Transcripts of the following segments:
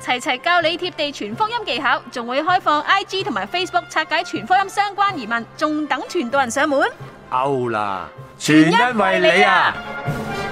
齊齊教你貼地傳福音技巧，仲會開放 IG 同埋 Facebook 拆解傳福音相關疑問，仲等傳道人上門。out 啦，全因為你啊！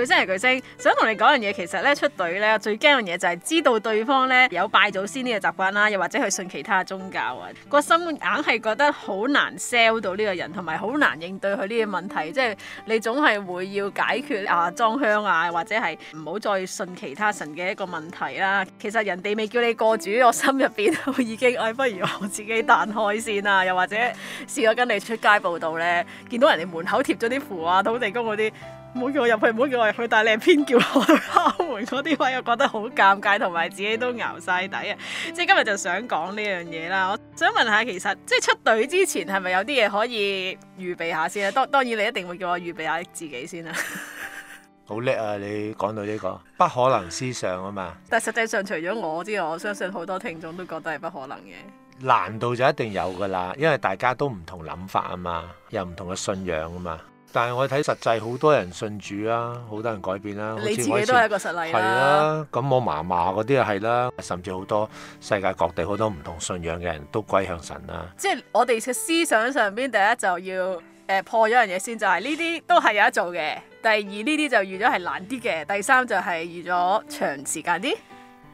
佢真係巨星，想同你講樣嘢，其實咧出隊咧最驚樣嘢就係知道對方咧有拜祖先呢個習慣啦，又或者去信其他宗教啊，個心硬係覺得好難 sell 到呢個人，同埋好難應對佢呢啲問題，即係你總係會要解決啊裝香啊，或者係唔好再信其他神嘅一個問題啦。其實人哋未叫你過主，我心入邊都已經唉、哎，不如我自己彈開先啦，啊。又或者試過跟你出街報道咧，見到人哋門口貼咗啲符啊，土地公嗰啲。唔好叫我入去，唔好叫我入去，但係你係偏叫我去敲門嗰啲位，我覺得好尷尬，同埋自己都熬晒底啊！即係今日就想講呢樣嘢啦。我想問下，其實即係出隊之前係咪有啲嘢可以預備下先咧？當當然你一定會叫我預備下自己先啦。好叻啊！你講到呢個不可能思想啊嘛？但係實際上，除咗我之外，我相信好多聽眾都覺得係不可能嘅。難度就一定有噶啦，因為大家都唔同諗法啊嘛，有唔同嘅信仰啊嘛。但係我睇實際，好多人信主啊，好多人改變啦、啊。你自己都係一個實例啦。係啊，咁我嫲嫲嗰啲又係啦，甚至好多世界各地好多唔同信仰嘅人都歸向神啦、啊。即係我哋嘅思想上邊，第一就要誒、呃、破咗樣嘢先，就係呢啲都係有得做嘅。第二呢啲就預咗係難啲嘅。第三就係預咗長時間啲。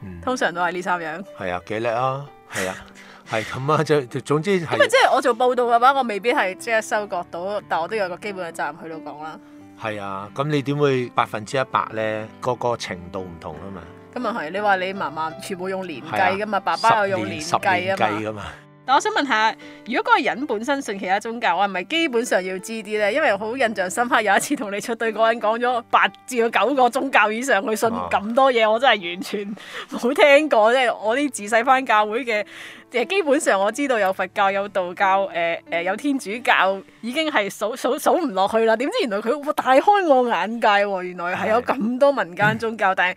嗯，通常都係呢三樣。係啊，幾叻啊，係啊。 係咁啊，就總之係。咁啊，即係我做報道嘅話，我未必係即係收穫到，但係我都有個基本嘅責任去到講啦。係啊，咁你點會百分之一百咧？個個程度唔同啊嘛。咁啊係，你話你媽媽全部用年計㗎嘛，啊、爸爸又用年計啊嘛。但我想問下，如果嗰個人本身信其他宗教，我係咪基本上要知啲呢？因為好印象深刻，有一次同你出對嗰人講咗八至九個宗教以上，佢信咁多嘢，我真係完全冇聽過。即係我啲自細返教會嘅，即係基本上我知道有佛教、有道教、誒、呃、誒、呃、有天主教，已經係數數數唔落去啦。點知原來佢大開我眼界喎！原來係有咁多民間宗教，但係。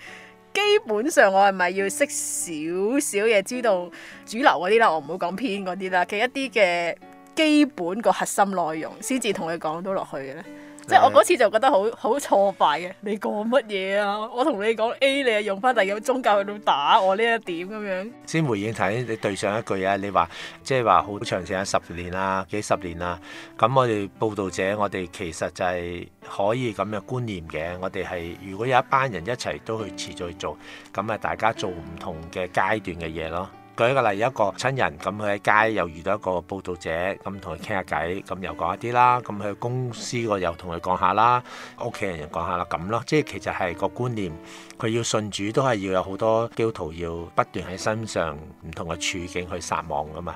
基本上我係咪要識少少嘢，知道主流嗰啲啦，我唔好講偏嗰啲啦，嘅一啲嘅基本個核心內容，先至同佢講到落去嘅咧？即係我嗰次就覺得好好挫敗嘅，你講乜嘢啊？我同你講 A，你又用翻第二種宗教去到打我呢一點咁樣。先回應睇，你對上一句啊，你話即係話好長時間十年啊、幾十年啊，咁我哋報道者，我哋其實就係可以咁嘅觀念嘅，我哋係如果有一班人一齊都去持續去做，咁啊大家做唔同嘅階段嘅嘢咯。舉一個例，有一個親人咁佢喺街又遇到一個佈道者，咁同佢傾下偈，咁又講一啲啦。咁佢公司個又同佢講下啦，屋企人又講下啦，咁咯。即係其實係個觀念，佢要信主都係要有好多基督徒要不斷喺身上唔同嘅處境去撒網噶嘛。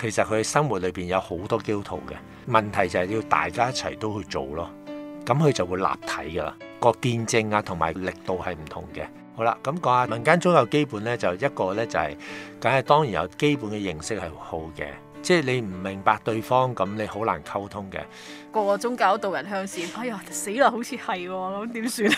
其實佢生活裏邊有好多基督徒嘅問題，就係要大家一齊都去做咯。咁佢就會立體噶啦，個見證啊同埋力度係唔同嘅。好啦，咁講下民間宗教基本咧，就一個咧就係、是，梗係當然有基本嘅認識係好嘅，即係你唔明白對方咁，你好難溝通嘅。個個宗教導人向善，哎呀死啦，好似係喎，咁點算啊？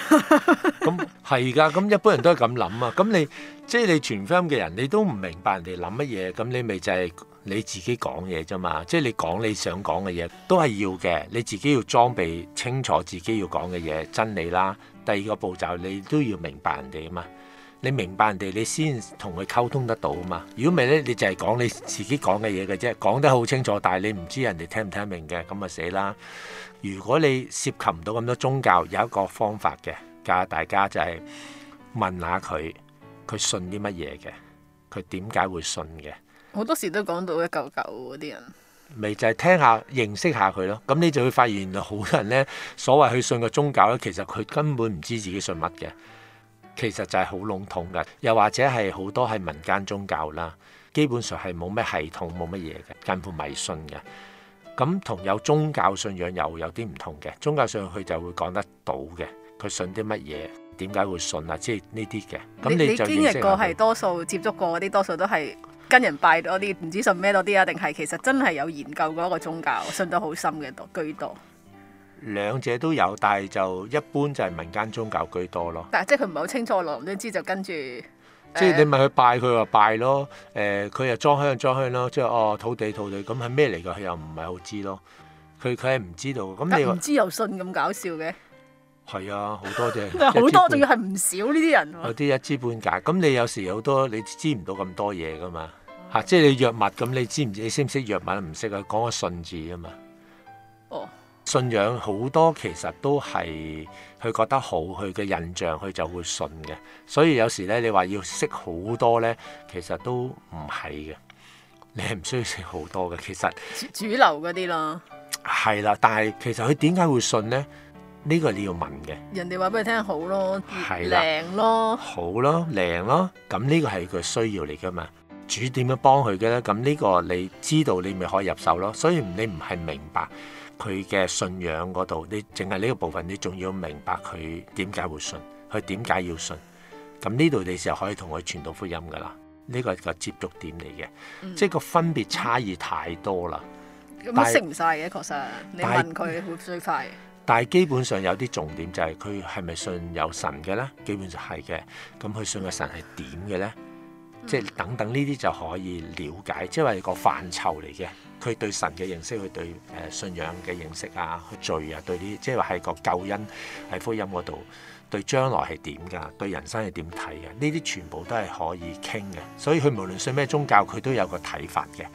咁係㗎，咁、嗯、一般人都係咁諗啊，咁、嗯、你即係你全 form 嘅人，你都唔明白人哋諗乜嘢，咁、嗯、你咪就係、是。你自己講嘢啫嘛，即係你講你想講嘅嘢都係要嘅。你自己要裝備清楚自己要講嘅嘢，真理啦。第二個步驟，你都要明白人哋啊嘛。你明白人哋，你先同佢溝通得到啊嘛。如果唔係咧，你就係講你自己講嘅嘢嘅啫，講得好清楚，但係你唔知人哋聽唔聽明嘅，咁啊死啦。如果你涉及唔到咁多宗教，有一個方法嘅，教大家就係問下佢，佢信啲乜嘢嘅，佢點解會信嘅。好多時都講到一嚿嚿嗰啲人，咪就係聽下認識下佢咯。咁你就會發現，好多人呢，所謂去信個宗教呢，其實佢根本唔知自己信乜嘅。其實就係好籠統嘅，又或者係好多係民間宗教啦，基本上係冇咩系統，冇乜嘢嘅，近乎迷信嘅。咁同有宗教信仰又有啲唔同嘅，宗教上佢就會講得到嘅，佢信啲乜嘢，點解會信啊？即係呢啲嘅。咁你，你，你經歷過係多數接觸過嗰啲，多數都係。跟人拜多啲，唔知信咩多啲啊？定係其實真係有研究嗰個宗教，信得好深嘅多居多。兩者都有，但係就一般就係民間宗教居多咯。但係即係佢唔係好清楚，攞唔多知就跟住。即係是、呃、你咪去拜，佢話拜咯。誒、呃，佢又裝香裝香咯。即係哦，土地土地咁係咩嚟嘅？佢又唔係好知咯。佢佢係唔知道。咁你唔知又信咁搞笑嘅？係啊，好多啫。好 多仲要係唔少呢啲人。有啲一知半解。咁你有時好多你知唔到咁多嘢㗎嘛？嚇、啊，即係你藥物咁，你知唔知？你識唔識藥物？唔識啊！講個信字啊嘛。哦。信仰好多其實都係佢覺得好，佢嘅印象佢就會信嘅。所以有時咧，你話要識好多咧，其實都唔係嘅。你係唔需要識好多嘅，其實。主流嗰啲咯。係啦，但係其實佢點解會信咧？呢、這個你要問嘅。人哋話俾你聽好咯，係啦，靚咯，好咯，靚的咯。咁呢個係佢需要嚟噶嘛？主點樣幫佢嘅咧？咁呢個你知道，你咪可以入手咯。所以你唔係明白佢嘅信仰嗰度，你淨係呢個部分，你仲要明白佢點解會信，佢點解要信。咁呢度你就可以同佢傳道福音噶啦。呢個係個接觸點嚟嘅，嗯、即係個分別差異太多啦。咁係識唔晒嘅，確實你問佢會最快。但係基本上有啲重點就係佢係咪信有神嘅咧？基本上係嘅。咁佢信嘅神係點嘅咧？即係等等呢啲就可以了解，即係話個範疇嚟嘅。佢對神嘅認識，佢對誒信仰嘅認識啊，罪啊，對呢啲即係話係個救恩喺福音嗰度，對將來係點㗎，對人生係點睇嘅？呢啲全部都係可以傾嘅。所以佢無論信咩宗教，佢都有個睇法嘅。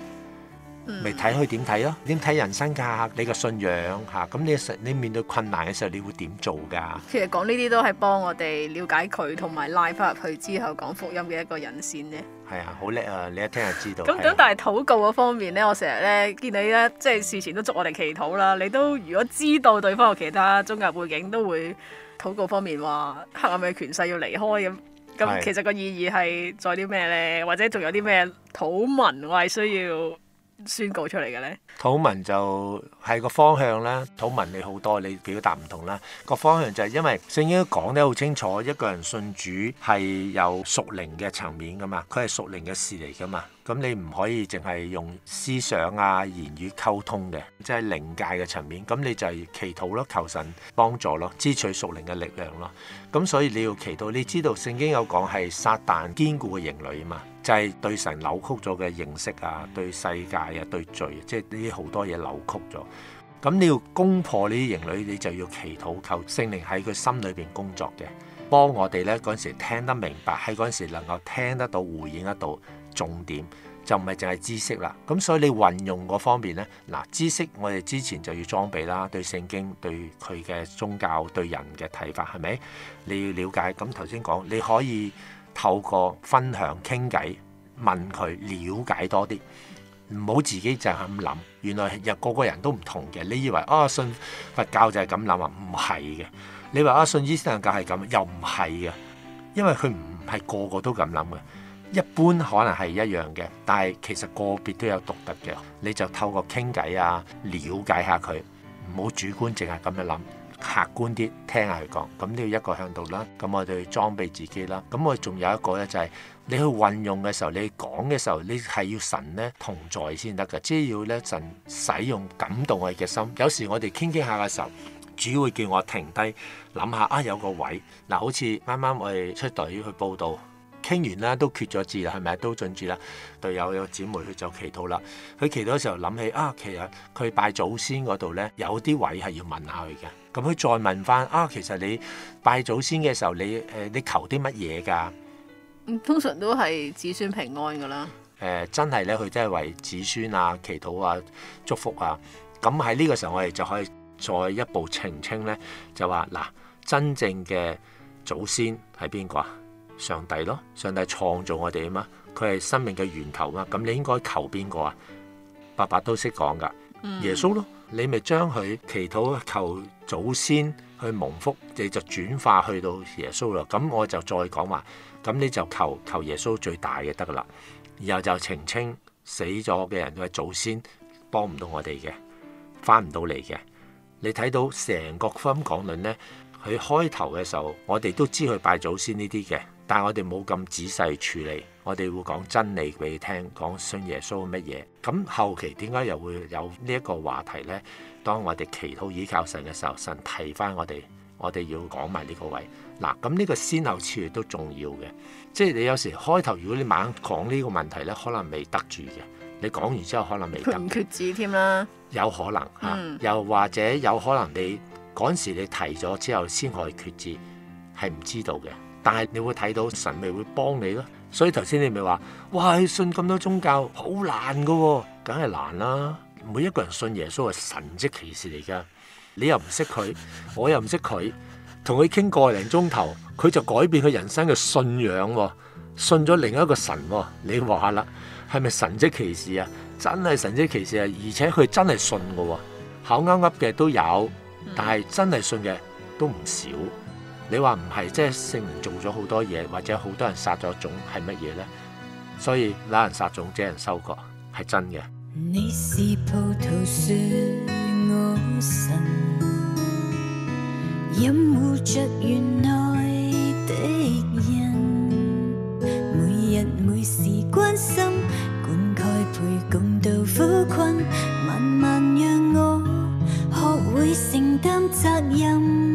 咪睇佢點睇咯，點睇、嗯啊、人生架？你個信仰嚇，咁、啊、你實你面對困難嘅時候，你會點做噶？其實講呢啲都係幫我哋了解佢，同埋拉翻入去之後講福音嘅一個人先。啫。係啊，好叻啊！你一聽就知道。咁那、啊、但係禱告嗰方面呢，我成日咧見你咧，即係事前都祝我哋祈禱啦。你都如果知道對方有其他宗教背景，都會禱告方面話黑暗嘅權勢要離開咁。咁是其實個意義係在啲咩呢？或者仲有啲咩禱文我係需要宣告出嚟嘅呢，土文就係個方向啦。土文你好多，你表達唔同啦。個方向就係因為聖經講得好清楚，一個人信主係有屬靈嘅層面噶嘛，佢係屬靈嘅事嚟噶嘛。咁你唔可以淨係用思想啊、言語溝通嘅，即係靈界嘅層面。咁你就係祈禱咯，求神幫助咯，支取屬靈嘅力量咯。咁所以你要祈禱，你知道聖經有講係撒旦堅固嘅營壘啊嘛，就係對神扭曲咗嘅認識啊，對世界啊，對罪，即係呢啲好多嘢扭曲咗。咁你要攻破呢啲營壘，你就要祈禱求聖靈喺佢心裏邊工作嘅，幫我哋呢，嗰陣時聽得明白，喺嗰陣時能夠聽得到、回應得到重點。就唔係淨係知識啦，咁所以你運用嗰方面呢，嗱知識我哋之前就要裝備啦，對聖經、對佢嘅宗教、對人嘅睇法係咪？你要了解。咁頭先講，你可以透過分享、傾偈、問佢了解多啲，唔好自己就係咁諗。原來日個個人都唔同嘅。你以為啊，信佛教就係咁諗啊？唔係嘅。你話啊，信伊斯蘭教係咁，又唔係嘅，因為佢唔係個個都咁諗嘅。一般可能係一樣嘅，但係其實個別都有獨特嘅。你就透過傾偈啊，了解下佢，唔好主觀，淨係咁樣諗，客觀啲聽下佢講。咁都要一個向度啦。咁我哋裝備自己啦。咁我仲有一個呢、就係，就係你去運用嘅時候，你講嘅時候，你係要神呢同在先得㗎，即係要呢，神使用感動我哋嘅心。有時我哋傾傾下嘅時候，主會叫我停低，諗下啊有個位嗱、啊，好似啱啱我哋出隊去報道。傾完啦，都缺咗字啦，係咪？都盡住啦，隊友有姊妹佢就祈禱啦。佢祈禱嘅時候諗起啊，其實佢拜祖先嗰度咧有啲位係要問下佢嘅。咁佢再問翻啊，其實你拜祖先嘅時候，你誒你求啲乜嘢㗎？通常都係子孫平安㗎啦。誒、呃，真係咧，佢真係為子孫啊祈禱啊祝福啊。咁喺呢個時候，我哋就可以再一步澄清咧，就話嗱，真正嘅祖先係邊個啊？上帝咯，上帝創造我哋啊嘛，佢係生命嘅源頭啊嘛，咁你應該求邊個啊？伯伯都識講噶，嗯、耶穌咯，你咪將佢祈禱求，求祖先去蒙福，你就轉化去到耶穌咯。咁我就再講話，咁你就求求耶穌最大嘅得啦。然後就澄清死咗嘅人嘅祖先幫唔到我哋嘅，翻唔到嚟嘅。你睇到成個福音講論咧，佢開頭嘅時候，我哋都知佢拜祖先呢啲嘅。但係我哋冇咁仔細處理，我哋會講真理俾你聽，講信耶穌乜嘢。咁後期點解又會有呢一個話題呢？當我哋祈禱倚依靠神嘅時候，神提翻我哋，我哋要講埋呢個位。嗱，咁、這、呢個先後次序都重要嘅，即係你有時開頭如果你猛講呢個問題呢，可能未得住嘅。你講完之後可能未得住。得判決志添啦。有可能嚇、嗯啊，又或者有可能你嗰時你提咗之後先可以決志，係唔知道嘅。但係你會睇到神咪會幫你咯，所以頭先你咪話，哇你信咁多宗教好難噶喎，梗係難啦。每一個人信耶穌係神蹟奇事嚟噶，你又唔識佢，我又唔識佢，同佢傾個零鐘頭，佢就改變佢人生嘅信仰喎，信咗另一個神喎。你話啦，係咪神蹟奇事啊？真係神蹟奇事啊！而且佢真係信噶喎，口啱啱嘅都有，但係真係信嘅都唔少。你話唔係，即係聖人做咗好多嘢，或者好多人殺咗種，係乜嘢咧？所以揦人殺種，借人收割，係真嘅。你是葡萄樹，我神，保護着園內的人，每日每時關心，灌溉陪共度苦困，慢慢讓我學會承擔責任。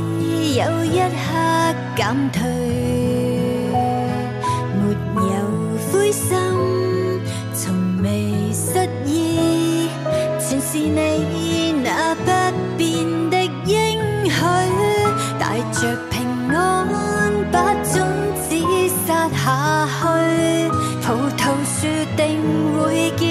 有一刻減退，沒有灰心，從未失意，全是你那不變的應許，帶着平安，把種子撒下去，葡萄樹定會見。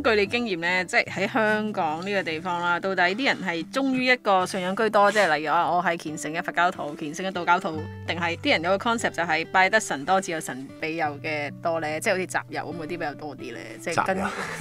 根據你經驗咧，即係喺香港呢個地方啦，到底啲人係忠於一個信仰居多，即係例如啊，我係虔誠嘅佛教徒、虔誠嘅道教徒，定係啲人有個 concept 就係拜得神多，自有神庇佑嘅多咧，即係好似集郵咁嗰啲比較多啲咧，即係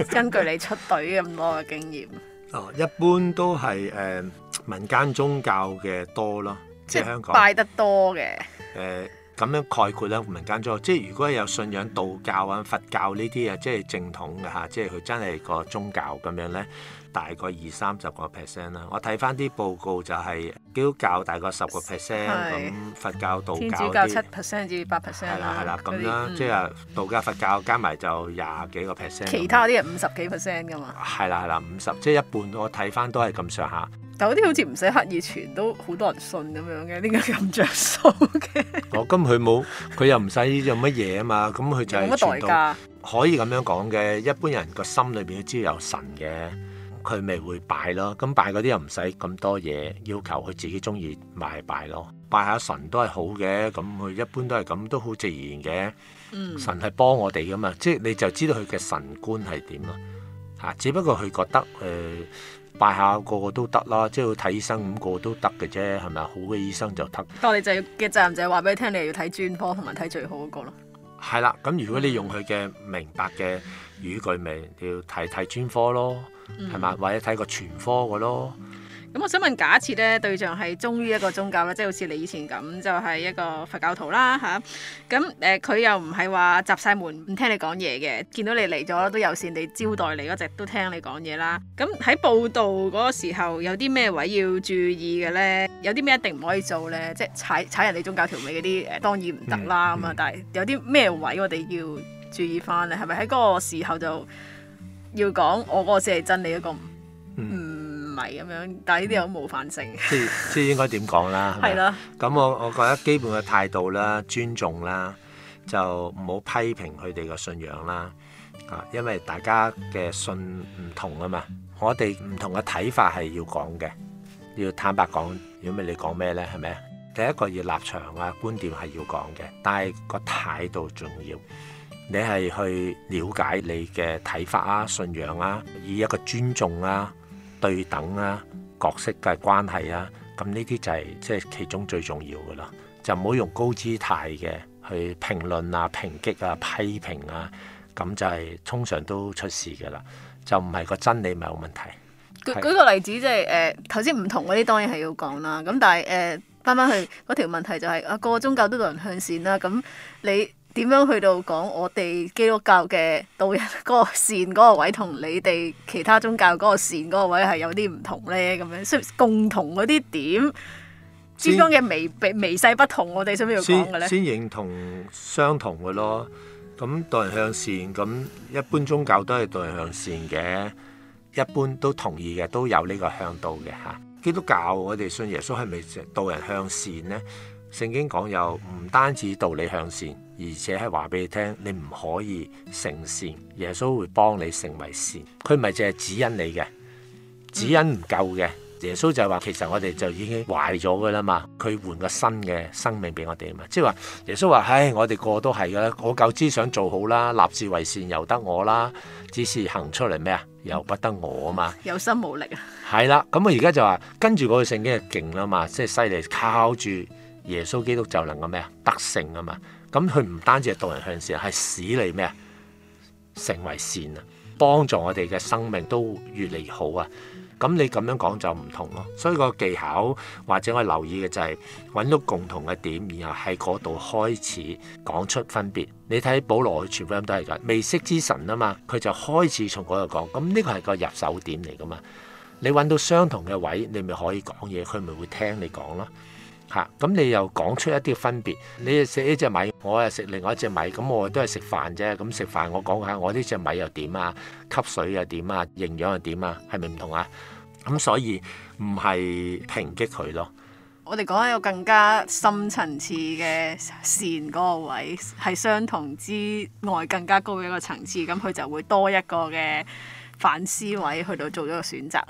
根根據你出隊咁多嘅經驗？哦， 一般都係誒、呃、民間宗教嘅多咯，即係香港拜得多嘅。誒、呃。咁樣概括啦，民間宗教即係如果有信仰道教啊、佛教呢啲啊，即係正統嘅吓，即係佢真係個宗教咁樣咧，大概二三十個 percent 啦。我睇翻啲報告就係基督教大概十個 percent 咁，是佛教、道教嗰啲七 percent 至八 percent 係啦係啦咁樣，嗯、即係道教、佛教加埋就廿幾個 percent。其他啲係五十幾 percent 噶嘛？係啦係啦，五十即係一半我。我睇翻都係咁上下。但啲好似唔使刻意傳都好多人信咁樣嘅，點解咁着數嘅？哦，咁佢冇，佢又唔使有乜嘢啊嘛，咁佢就冇乜代價。可以咁樣講嘅，一般人個心裏邊都知道有神嘅，佢咪會拜咯。咁拜嗰啲又唔使咁多嘢要求，佢自己中意拜拜咯。拜下神都係好嘅，咁佢一般都係咁，都好自然嘅。嗯，神係幫我哋噶嘛，即係你就知道佢嘅神觀係點咯。嚇，只不過佢覺得誒。拜下個個都得啦，即係睇醫生咁個個都得嘅啫，係咪？好嘅醫生就得。但係你就要嘅責任就係話俾你聽，你又要睇專科同埋睇最好嗰個咯。係啦，咁如果你用佢嘅明白嘅語句嚟，你要睇睇專科咯，係咪？嗯、或者睇個全科嘅咯。咁我想問，假設咧對象係忠於一個宗教咧，即係好似你以前咁，就係一個佛教徒啦嚇。咁誒佢又唔係話閘晒門，唔聽你講嘢嘅，見到你嚟咗都友善地招待你嗰隻，都聽你講嘢啦。咁喺報道嗰個時候有啲咩位要注意嘅咧？有啲咩一定唔可以做咧？即係踩踩人哋宗教條尾嗰啲誒，當然唔得啦咁啊。嗯、但係有啲咩位我哋要注意翻咧？係咪喺嗰個時候就要講我嗰個先係真理？一個 咁樣，但係呢啲有冇反性？即 即 應該點講啦？係咪？咁的我我覺得基本嘅態度啦，尊重啦，就唔好批評佢哋嘅信仰啦。啊，因為大家嘅信唔同啊嘛，我哋唔同嘅睇法係要講嘅，要坦白講，如果咩你講咩咧，係咪？第一個要立場啊，觀點係要講嘅，但係個態度重要。你係去了解你嘅睇法啊、信仰啊，以一個尊重啊。對等啊，角色嘅關係啊，咁呢啲就係即係其中最重要嘅啦。就唔好用高姿態嘅去評論啊、抨擊啊、批評啊，咁就係通常都出事嘅啦。就唔係個真理咪有問題。舉舉個例子即係誒頭先唔同嗰啲當然係要講啦。咁但係誒翻返去嗰條問題就係、是、啊個宗教都有人向善啦。咁你。點樣去到講我哋基督教嘅導人嗰個善嗰個位，同你哋其他宗教嗰個善嗰個位係有啲唔同咧？咁樣，所以共同嗰啲點之中嘅微微細不同，我哋想要講嘅咧？先認同相同嘅咯。咁導人向善，咁一般宗教都係導人向善嘅，一般都同意嘅，都有呢個向道嘅嚇。基督教我哋信耶穌係咪導人向善咧？聖經講有唔單止道理向善，而且係話俾你聽，你唔可以成善，耶穌會幫你成為善。佢唔係淨係指引你嘅，指引唔夠嘅，嗯、耶穌就係話其實我哋就已經壞咗嘅啦嘛。佢換個新嘅生命俾我哋啊嘛，即係話耶穌話：唉、哎，我哋個個都係噶啦，我夠知想做好啦，立志為善由得我啦，只是行出嚟咩啊，由不得我啊嘛、嗯，有心無力啊。係啦，咁我而家就話跟住嗰個聖經係勁啦嘛，即係犀利，靠住耶穌基督就能夠咩啊得勝啊嘛。咁佢唔單止係導人向善，係使你咩成為善啊，幫助我哋嘅生命都越嚟越好啊！咁你咁樣講就唔同咯。所以個技巧或者我留意嘅就係揾到共同嘅點，然後喺嗰度開始講出分別。你睇保羅全部都係咁，未識之神啊嘛，佢就開始從嗰度講。咁呢個係個入手點嚟噶嘛？你揾到相同嘅位，你咪可以講嘢，佢咪會聽你講咯。嚇，咁、啊、你又講出一啲分別，你食呢隻米，我又食另外一隻米，咁我都係食飯啫。咁食飯我講下，我呢隻米又點啊？吸水又點啊？營養又點啊？係咪唔同啊？咁所以唔係抨擊佢咯。我哋講緊有更加深層次嘅善嗰個位，係相同之外更加高嘅一個層次，咁佢就會多一個嘅反思位去到做咗個選擇。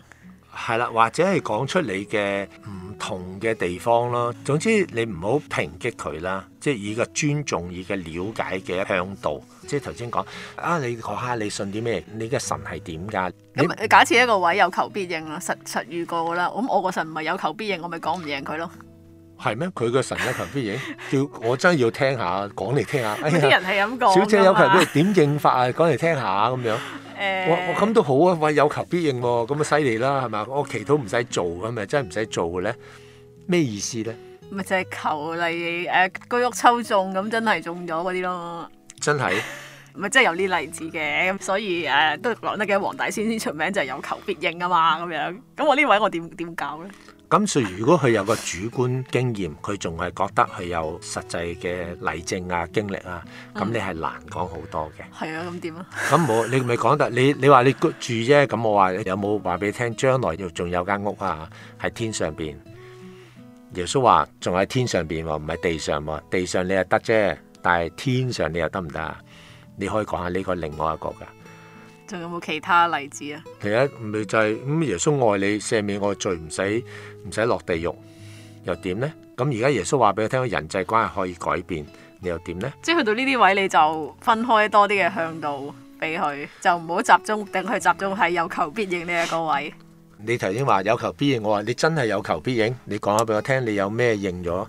係啦，或者係講出你嘅唔同嘅地方咯。總之你唔好抨擊佢啦，即係以個尊重、以個了解嘅向度。即係頭先講啊，你講下你信啲咩？你嘅神係點㗎？咁假設一個位有求必應啦，實實遇過㗎啦。咁我個神唔係有求必應，我咪講唔應佢咯。係咩？佢個神有求必應，叫我真要聽下，講嚟聽下。有啲人係咁講。小姐有求必應點 應法啊？講嚟聽下咁樣。誒、呃，我我咁都好啊，喂有求必應咁啊犀利啦，係咪？我祈禱唔使做，咁咪真係唔使做嘅咧？咩意思咧？咪就係求你，例、呃、如居屋抽中咁，真係中咗嗰啲咯。真係咪真係有啲例子嘅咁，所以誒、呃、都講得嘅黃大仙先出名就係、是、有求必應啊嘛，咁樣。咁我呢位我點點搞咧？咁所以如果佢有個主觀經驗，佢仲係覺得佢有實際嘅例證啊經歷啊，咁你係難講好多嘅。係啊，咁點啊？咁我你咪講得你你話你住啫，咁我話有冇話俾你聽，將來要仲有間屋啊喺天上邊？耶穌話仲喺天上邊喎，唔係地上喎。地上你又得啫，但係天上你又得唔得啊？你可以講下呢個另外一個㗎。仲有冇其他例子啊？其實咪就係咁，耶穌愛你，赦免我罪，唔使唔使落地獄又點呢？咁而家耶穌話俾佢聽，人際關係可以改變，你又點呢？即係去到呢啲位，你就分開多啲嘅向度俾佢，就唔好集中，定佢集中係有求必應呢一個位。你頭先話有求必應，我話你真係有求必應，你講下俾我聽，你有咩應咗？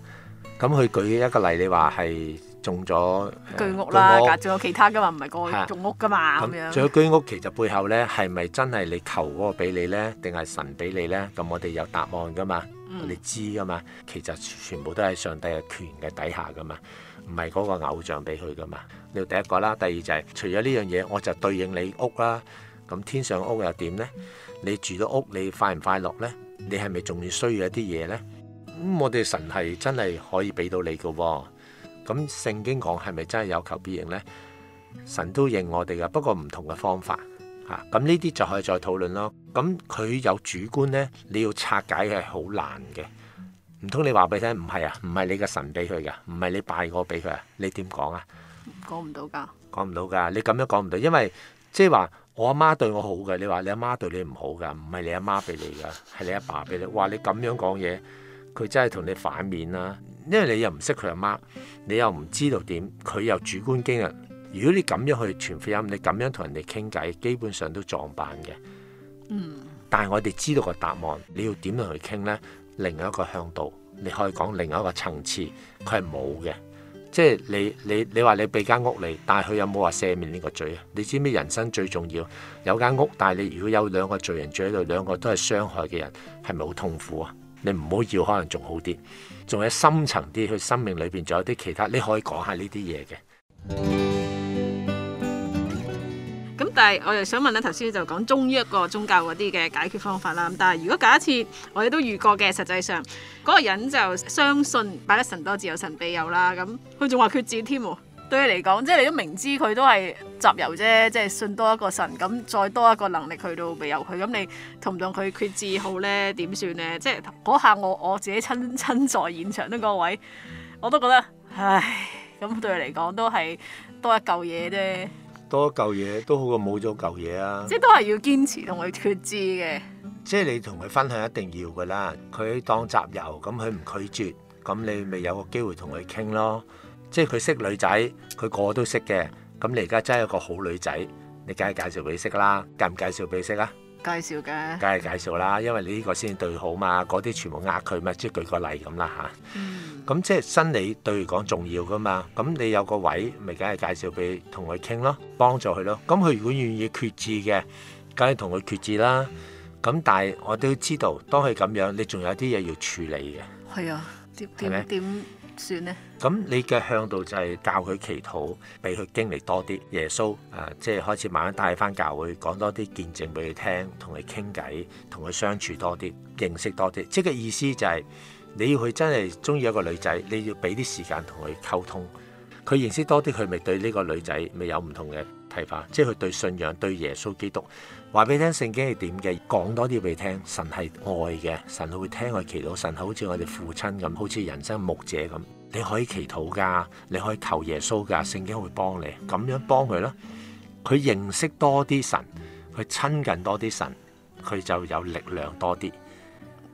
咁佢舉一個例，你話係。中咗居屋啦，仲屋有其他噶嘛？唔係個租屋噶嘛？咁仲、啊、這樣 有居屋，其實背後咧，係咪真係你求嗰個俾你咧，定係神俾你咧？咁我哋有答案噶嘛？你、嗯、知噶嘛？其實全部都喺上帝嘅權嘅底下噶嘛，唔係嗰個偶像俾佢噶嘛。呢個第一個啦，第二就係、是、除咗呢樣嘢，我就對應你屋啦。咁天上屋又點咧？你住到屋，你快唔快樂咧？你係咪仲要需要一啲嘢咧？咁我哋神係真係可以俾到你噶喎、啊。咁聖經講係咪真係有求必應呢？神都應我哋噶，不過唔同嘅方法嚇。咁呢啲就可以再討論咯。咁、啊、佢有主觀呢，你要拆解係好難嘅。唔通你話俾你聽，唔係啊，唔係你嘅神俾佢㗎，唔係你拜我俾佢啊？你點講啊？講唔到㗎，講唔到㗎。你咁樣講唔到，因為即係話我阿媽對我好嘅，你話你阿媽對你唔好噶，唔係你阿媽俾你㗎，係你阿爸俾你。哇！你咁樣講嘢。佢真係同你反面啦，因為你又唔識佢阿媽，你又唔知道點，佢又主觀經驗。如果你咁樣去傳福音，你咁樣同人哋傾偈，基本上都撞板嘅。但係我哋知道個答案，你要點樣去佢傾呢？另一個向度，你可以講另一個層次，佢係冇嘅。即係你你你話你俾間屋嚟，但係佢有冇話赦免呢個罪啊？你知唔知人生最重要有間屋，但係你如果有兩個罪人住喺度，兩個都係傷害嘅人，係咪好痛苦啊？你唔好要，要，可能仲好啲，仲有深層啲，佢生命裏邊仲有啲其他，你可以講下呢啲嘢嘅。咁但係我又想問咧，頭先就講忠於一個宗教嗰啲嘅解決方法啦。但係如果假設我哋都遇過嘅，實際上嗰個人就相信擺得神多，自有神庇佑啦。咁佢仲話缺絕添喎。對佢嚟講，即係你都明知佢都係集郵啫，即係信多一個神，咁再多一個能力去到庇佑佢，咁你同唔同佢決志好咧？點算咧？即係嗰下我我自己親親在現場呢個位我都覺得，唉，咁對佢嚟講都係多一嚿嘢啫，多一嚿嘢都好過冇咗嚿嘢啊！即係都係要堅持同佢決志嘅，即係你同佢分享一定要㗎喇，佢當集郵，咁佢唔拒絕，咁你咪有個機會同佢傾咯。即係佢識女仔，佢個個都識嘅。咁你而家真係一個好女仔，你梗係介紹俾你識啦。介唔介紹俾你識啊？介紹嘅。梗係介紹啦，因為你呢個先對好嘛。嗰啲全部呃佢嘛，即係舉個例咁啦嚇。嗯。咁即係心理對嚟講重要噶嘛？咁你有個位，咪梗係介紹俾同佢傾咯，幫助佢咯。咁佢如果願意決志嘅，梗係同佢決志啦。咁但係我都知道，當佢咁樣，你仲有啲嘢要處理嘅。係啊，點點點算呢？咁你嘅向度就係教佢祈禱，俾佢經歷多啲耶穌誒、啊，即係開始慢慢帶翻教會，講多啲見證俾佢聽，同佢傾偈，同佢相處多啲，認識多啲。即係意思就係、是、你要佢真係中意一個女仔，你要俾啲時間同佢溝通，佢認識多啲，佢咪對呢個女仔咪有唔同嘅睇法。即係佢對信仰、對耶穌基督話俾你聽聖經係點嘅，講多啲俾佢聽。神係愛嘅，神會聽我祈禱，神好似我哋父親咁，好似人生牧者咁。你可以祈禱噶，你可以求耶穌噶，聖經會幫你咁樣幫佢咯。佢認識多啲神，佢親近多啲神，佢就有力量多啲。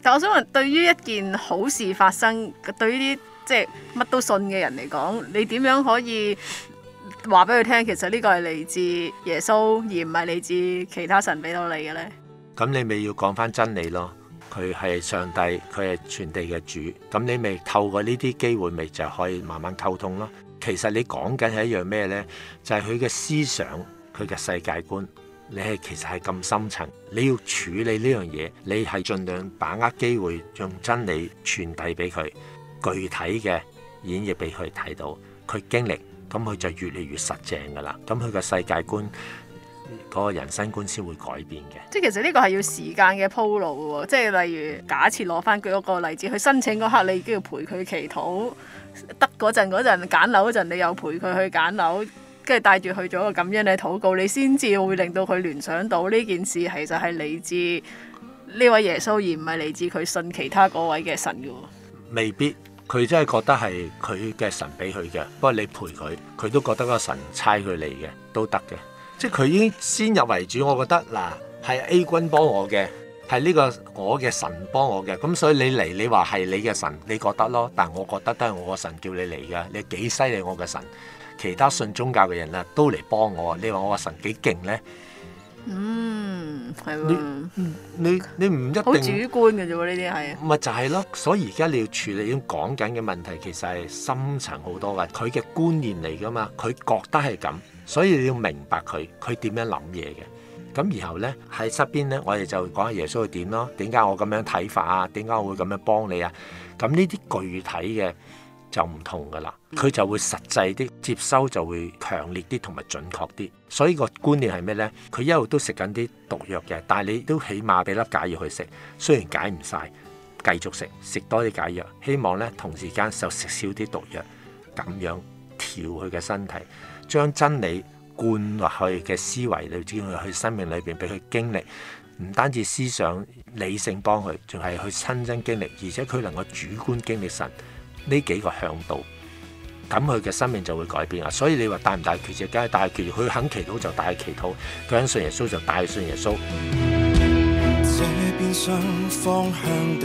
但我想問，對於一件好事發生，對於啲即係乜都信嘅人嚟講，你點樣可以話俾佢聽？其實呢個係嚟自耶穌，而唔係嚟自其他神俾到你嘅呢？咁你咪要講翻真理咯。佢係上帝，佢係全地嘅主。咁你咪透過呢啲機會，咪就可以慢慢溝通咯。其實你講緊係一樣咩呢？就係佢嘅思想，佢嘅世界觀。你係其實係咁深層，你要處理呢樣嘢，你係盡量把握機會，用真理傳遞俾佢，具體嘅演繹俾佢睇到，佢經歷，咁佢就越嚟越實正㗎啦。咁佢嘅世界觀，嗰個人生觀先會改變嘅，即係其實呢個係要時間嘅鋪路喎。即係例如假設攞翻佢嗰個例子，佢申請嗰刻你都要陪佢祈禱，得嗰陣嗰陣揀樓嗰陣，你又陪佢去揀樓，跟住帶住去咗咁樣嘅禱告，你先至會令到佢聯想到呢件事其實係嚟自呢位耶穌而唔係嚟自佢信其他嗰位嘅神嘅。未必佢真係覺得係佢嘅神俾佢嘅，不過你陪佢，佢都覺得個神差佢嚟嘅都得嘅。即係佢已經先入為主，我覺得嗱，係、啊、A 君幫我嘅，係呢個我嘅神幫我嘅，咁、嗯、所以你嚟，你話係你嘅神，你覺得咯？但係我覺得都係我嘅神叫你嚟嘅，你幾犀利我嘅神？其他信宗教嘅人啊，都嚟幫我，你話我嘅神幾勁呢？嗯，係喎，你你唔一定好主觀嘅啫喎，呢啲係咪就係咯？所以而家你要處理已經講緊嘅問題，其實係深層好多嘅，佢嘅觀念嚟噶嘛，佢覺得係咁。所以你要明白佢，佢點樣諗嘢嘅。咁然後呢，喺側邊呢，我哋就講下耶穌會點咯。點解我咁樣睇法啊？點解我會咁樣幫你啊？咁呢啲具體嘅就唔同噶啦，佢就會實際啲接收就會強烈啲同埋準確啲。所以個觀念係咩呢？佢一路都食緊啲毒藥嘅，但係你都起碼俾粒解藥佢食。雖然解唔晒，繼續食，食多啲解藥，希望呢，同時間就食少啲毒藥，咁樣調佢嘅身體。將真理灌落去嘅思維裏，叫佢去生命裏邊俾佢經歷，唔單止思想理性幫佢，仲係去親身經歷，而且佢能夠主觀經歷神呢幾個向導，咁佢嘅生命就會改變啦。所以你話帶唔帶決志，梗係帶決志，佢肯祈禱就帶祈禱，佢肯信耶穌就帶信耶穌。這邊上方向的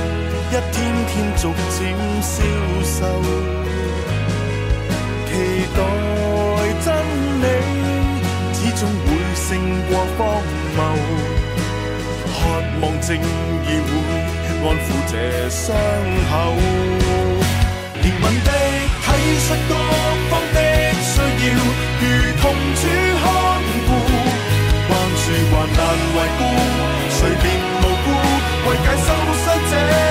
一天天逐漸消瘦，期待真理，始終會勝過荒謬。渴望正義會安撫這傷口，憐憫的體恤各方的需要，如同處看顧，關注還難，為護，誰，便無辜，為解受傷者。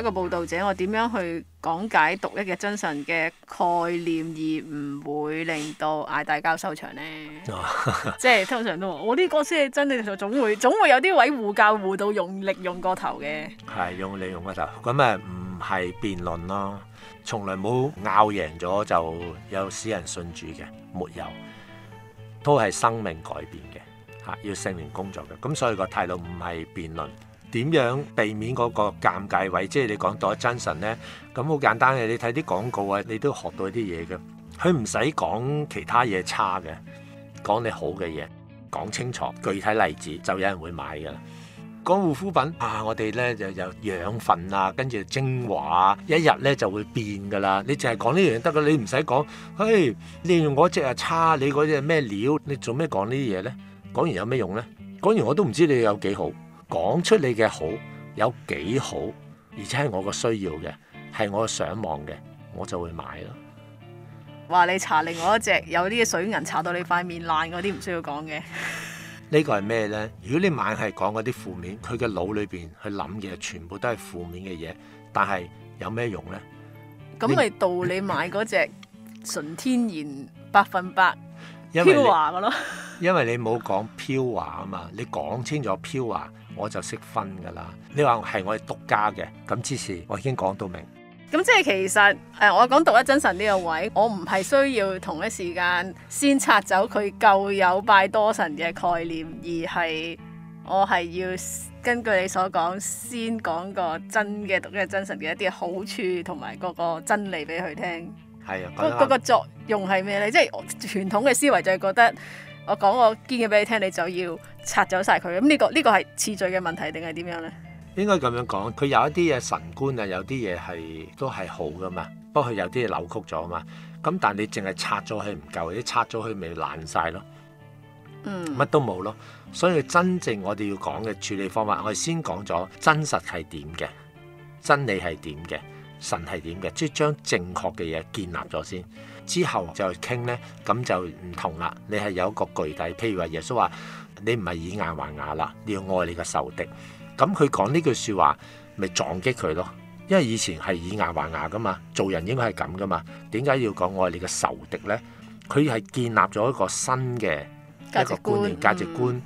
一個報導者，我點樣去講解獨一嘅真神嘅概念，而唔會令到嗌大交收場呢？ 即係通常都話我呢個先係真理，就總會總會有啲位互教互到用力用過頭嘅。係用力用過頭，咁咪唔係辯論咯？從來冇拗贏咗就有私人信主嘅，沒有都係生命改變嘅嚇，要聖靈工作嘅。咁所以個態度唔係辯論。點樣避免嗰個尷尬位？即係你講多阿珍神呢，咁好簡單嘅。你睇啲廣告啊，你都學到啲嘢嘅。佢唔使講其他嘢差嘅，講你好嘅嘢，講清楚具體例子就有人會買㗎啦。講護膚品啊，我哋呢就有養分啊，跟住精華啊，一日呢就會變噶啦。你淨係講呢樣得㗎，你唔使講，嘿，你用嗰隻啊差，你嗰隻咩料？你做咩講呢啲嘢呢？講完有咩用呢？講完我都唔知你有幾好。講出你嘅好有幾好，而且係我個需要嘅，係我嘅想望嘅，我就會買咯。話你搽另外一隻有啲水銀，搽到你塊面爛嗰啲唔需要講嘅。呢個係咩呢？如果你買係講嗰啲負面，佢嘅腦裏邊去諗嘅全部都係負面嘅嘢，但係有咩用呢？咁咪到你買嗰隻純天然百分百。因為你，冇講飄華啊 嘛，你講清楚飄華我就識分噶啦。你話係我哋獨家嘅。咁之前我已經講到明。咁即係其實誒、呃，我講獨一真神呢個位，我唔係需要同一時間先拆走佢舊有拜多神嘅概念，而係我係要根據你所講先講個真嘅獨一真神嘅一啲好處同埋嗰個真理俾佢聽。係啊，嗰嗰各正個作。用係咩咧？即係傳統嘅思維就係覺得，我講我建議俾你聽，你就要拆咗晒佢。咁呢個呢個係次序嘅問題，定係點樣咧？應該咁樣講，佢有一啲嘢神觀啊，有啲嘢係都係好噶嘛，不過佢有啲嘢扭曲咗啊嘛。咁但係你淨係拆咗佢唔夠，你拆咗佢咪爛晒咯，乜都冇咯。所以真正我哋要講嘅處理方法，我哋先講咗真實係點嘅，真理係點嘅，神係點嘅，即係將正確嘅嘢建立咗先。之後就傾呢，咁就唔同啦。你係有一個具體，譬如話耶穌話：你唔係以牙還牙啦，你要愛你個仇敵。咁佢講呢句説話，咪撞擊佢咯。因為以前係以牙還牙噶嘛，做人應該係咁噶嘛。點解要講愛你嘅仇敵呢？佢係建立咗一個新嘅一個觀念、價值觀、值觀嗯、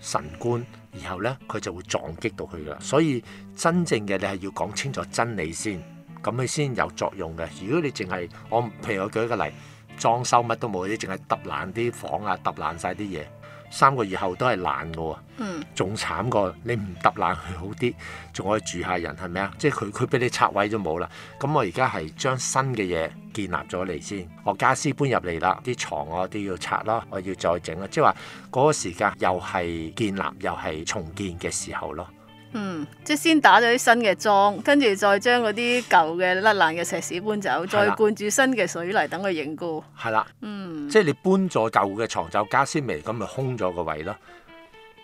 神觀，然後呢，佢就會撞擊到佢噶啦。所以真正嘅你係要講清楚真理先。咁你先有作用嘅。如果你淨係我，譬如我舉一個例，裝修乜都冇，你淨係揼爛啲房啊，揼爛晒啲嘢，三個月後都係爛嘅喎。嗯。仲慘過你唔揼爛，佢好啲，仲可以住下人，係咪啊？即係佢佢俾你拆位都冇啦。咁我而家係將新嘅嘢建立咗嚟先。我家私搬入嚟啦，啲床我都要拆咯，我要再整啊。即係話嗰個時間又係建立又係重建嘅時候咯。嗯，即係先打咗啲新嘅樁，跟住再將嗰啲舊嘅甩爛嘅石屎搬走，再灌注新嘅水泥等佢凝固。係啦的，嗯，即係你搬咗舊嘅床加就加先嚟，咁咪空咗個位咯，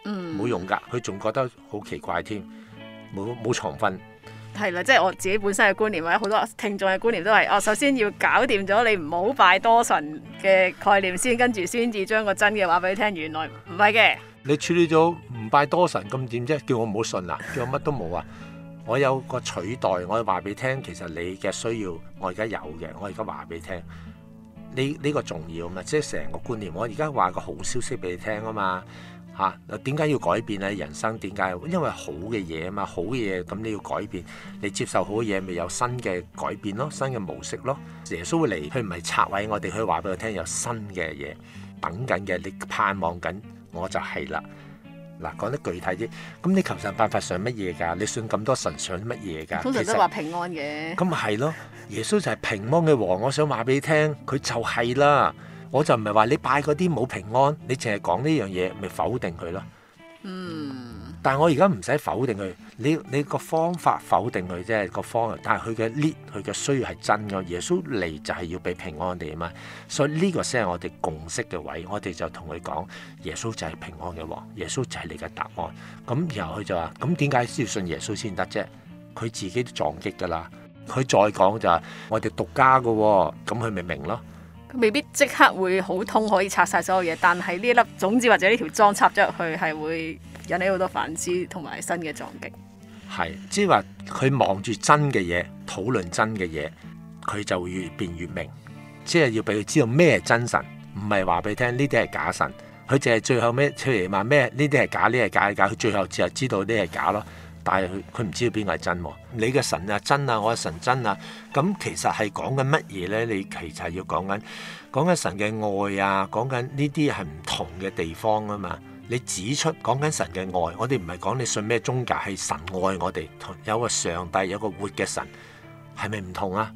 嗯，冇用噶，佢仲覺得好奇怪添，冇冇床瞓。係啦，即係我自己本身嘅觀念，或者好多聽眾嘅觀念都係，哦、啊，首先要搞掂咗你唔好拜多神嘅概念先，跟住先至將個真嘅話俾你聽。原來唔係嘅。你處理咗唔拜多神咁點啫？叫我唔好信啦，叫我乜都冇啊？我有個取代，我要話俾你聽，其實你嘅需要我而家有嘅，我而家話俾你聽。你呢、這個重要啊嘛，即係成個觀念。我而家話個好消息俾你聽啊嘛嚇，點解要改變咧？人生點解？因為好嘅嘢啊嘛，好嘅嘢咁你要改變，你接受好嘢咪有新嘅改變咯，新嘅模式咯。耶穌會嚟，佢唔係拆位，我哋可以話俾佢聽有新嘅嘢等緊嘅，你盼望緊。我就係啦，嗱，講得具體啲，咁你求神拜佛想乜嘢噶？你信咁多神想乜嘢噶？通常都話平安嘅，咁咪係咯？耶穌就係平安嘅王，我想話俾你聽，佢就係啦。我就唔係話你拜嗰啲冇平安，你淨係講呢樣嘢咪否定佢咯？嗯，但係我而家唔使否定佢。你你個方法否定佢啫，個方案，但係佢嘅 need 佢嘅需要係真嘅。耶穌嚟就係要俾平安哋啊嘛，所以呢個先係我哋共識嘅位，我哋就同佢講，耶穌就係平安嘅王，耶穌就係你嘅答案。咁然後佢就話：咁點解先要信耶穌先得啫？佢自己都撞擊㗎啦。佢再講就係：我哋獨家嘅，咁佢咪明咯？佢未必即刻會好通可以拆晒所有嘢，但係呢一粒種子或者呢條樁插咗入去係會引起好多反思同埋新嘅撞擊。係，即係話佢望住真嘅嘢，討論真嘅嘢，佢就會越變越明。即係要俾佢知道咩係真神，唔係話俾你聽呢啲係假神。佢淨係最後咩，出嚟話咩？呢啲係假，呢係假，假。佢最後就知道呢啲係假咯。但係佢唔知道邊個係真喎？你嘅神啊真啊，我嘅神真啊。咁其實係講緊乜嘢呢？你其實係要講緊講緊神嘅愛啊，講緊呢啲係唔同嘅地方啊嘛。你指出講緊神嘅愛，我哋唔係講你信咩宗教，係神愛我哋，有個上帝，有個活嘅神，係咪唔同啊？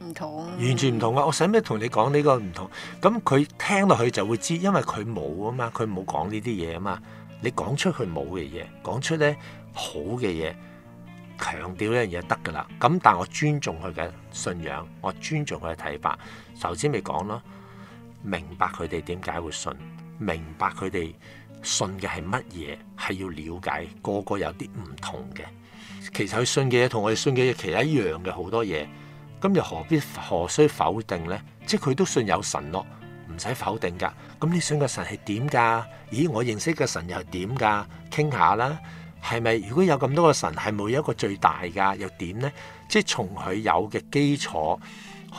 唔同啊，完全唔同啊！我使咩同你講呢個唔同？咁佢聽落去就會知，因為佢冇啊嘛，佢冇講呢啲嘢啊嘛。你講出佢冇嘅嘢，講出咧好嘅嘢，強調一樣嘢得噶啦。咁但係我尊重佢嘅信仰，我尊重佢嘅睇法。頭先咪講咯，明白佢哋點解會信，明白佢哋。信嘅係乜嘢？係要了解，個個有啲唔同嘅。其實佢信嘅嘢同我哋信嘅嘢其實一樣嘅，好多嘢。咁又何必何需否定呢？即係佢都信有神咯，唔使否定噶。咁你信嘅神係點㗎？咦，我認識嘅神又係點㗎？傾下啦。係咪如果有咁多個神，係冇一個最大㗎？又點呢？即係從佢有嘅基礎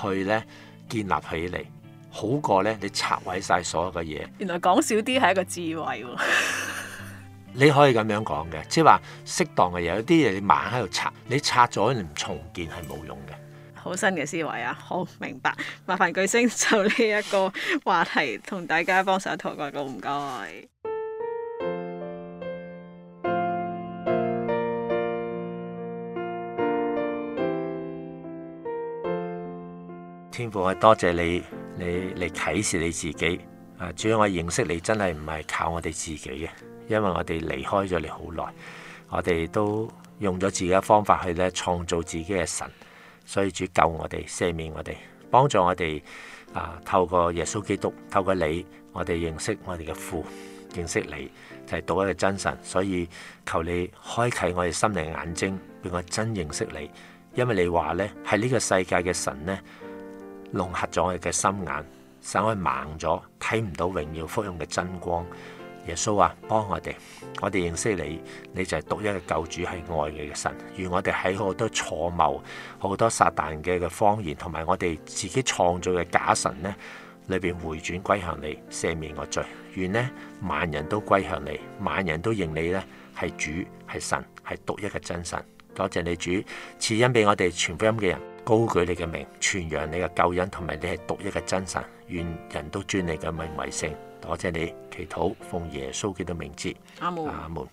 去呢，建立起嚟。好過呢，你拆毀晒所有嘅嘢。原來講少啲係一個智慧喎。 你可以咁樣講嘅，即係話適當嘅嘢，有啲嘢你猛喺度拆，你拆咗你唔重建係冇用嘅。好新嘅思維啊！好明白，麻煩巨星就呢一個話題同大家幫手禱告，唔該。天父，我多謝你。你嚟啟示你自己，啊！主，要我認識你真係唔係靠我哋自己嘅，因為我哋離開咗你好耐，我哋都用咗自己嘅方法去咧創造自己嘅神，所以主救我哋，赦免我哋，幫助我哋啊、呃！透過耶穌基督，透過你，我哋認識我哋嘅父，認識你，就係獨一嘅真神。所以求你開啟我哋心靈眼睛，令我真認識你，因為你話咧係呢個世界嘅神咧。融合咗我哋嘅心眼，使我盲咗，睇唔到榮耀福音嘅真光。耶穌啊，幫我哋，我哋認識你，你就係獨一嘅救主，係愛你嘅神。願我哋喺好多錯謬、好多撒旦嘅嘅謊言，同埋我哋自己創造嘅假神呢，裏邊回轉歸向你，赦免我罪。願呢萬人都歸向你，萬人都認你呢，係主，係神，係獨一嘅真神。多謝你主賜恩俾我哋傳福音嘅人。高舉你嘅名，傳揚你嘅救恩，同埋你係獨一嘅真神。願人都尊你嘅名為聖。多謝你祈禱，奉耶穌基督嘅名字阿門。阿門。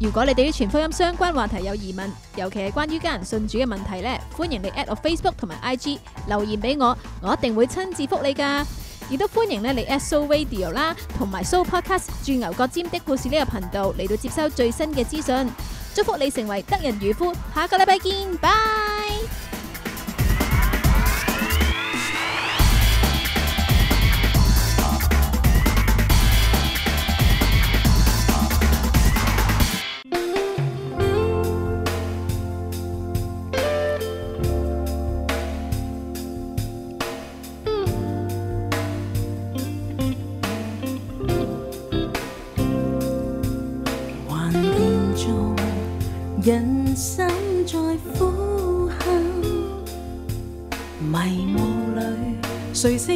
如果你對於傳福音相關話題有疑問，尤其係關於家人信主嘅問題咧，歡迎你 at 我 Facebook 同埋 IG 留言俾我，我一定會親自覆你噶。亦都歡迎咧嚟 Soul Radio 啦，同埋 Soul Podcast《鑽牛角尖的故事》呢個頻道嚟到接收最新嘅資訊。祝福你成為得人漁夫，下個禮拜見，拜。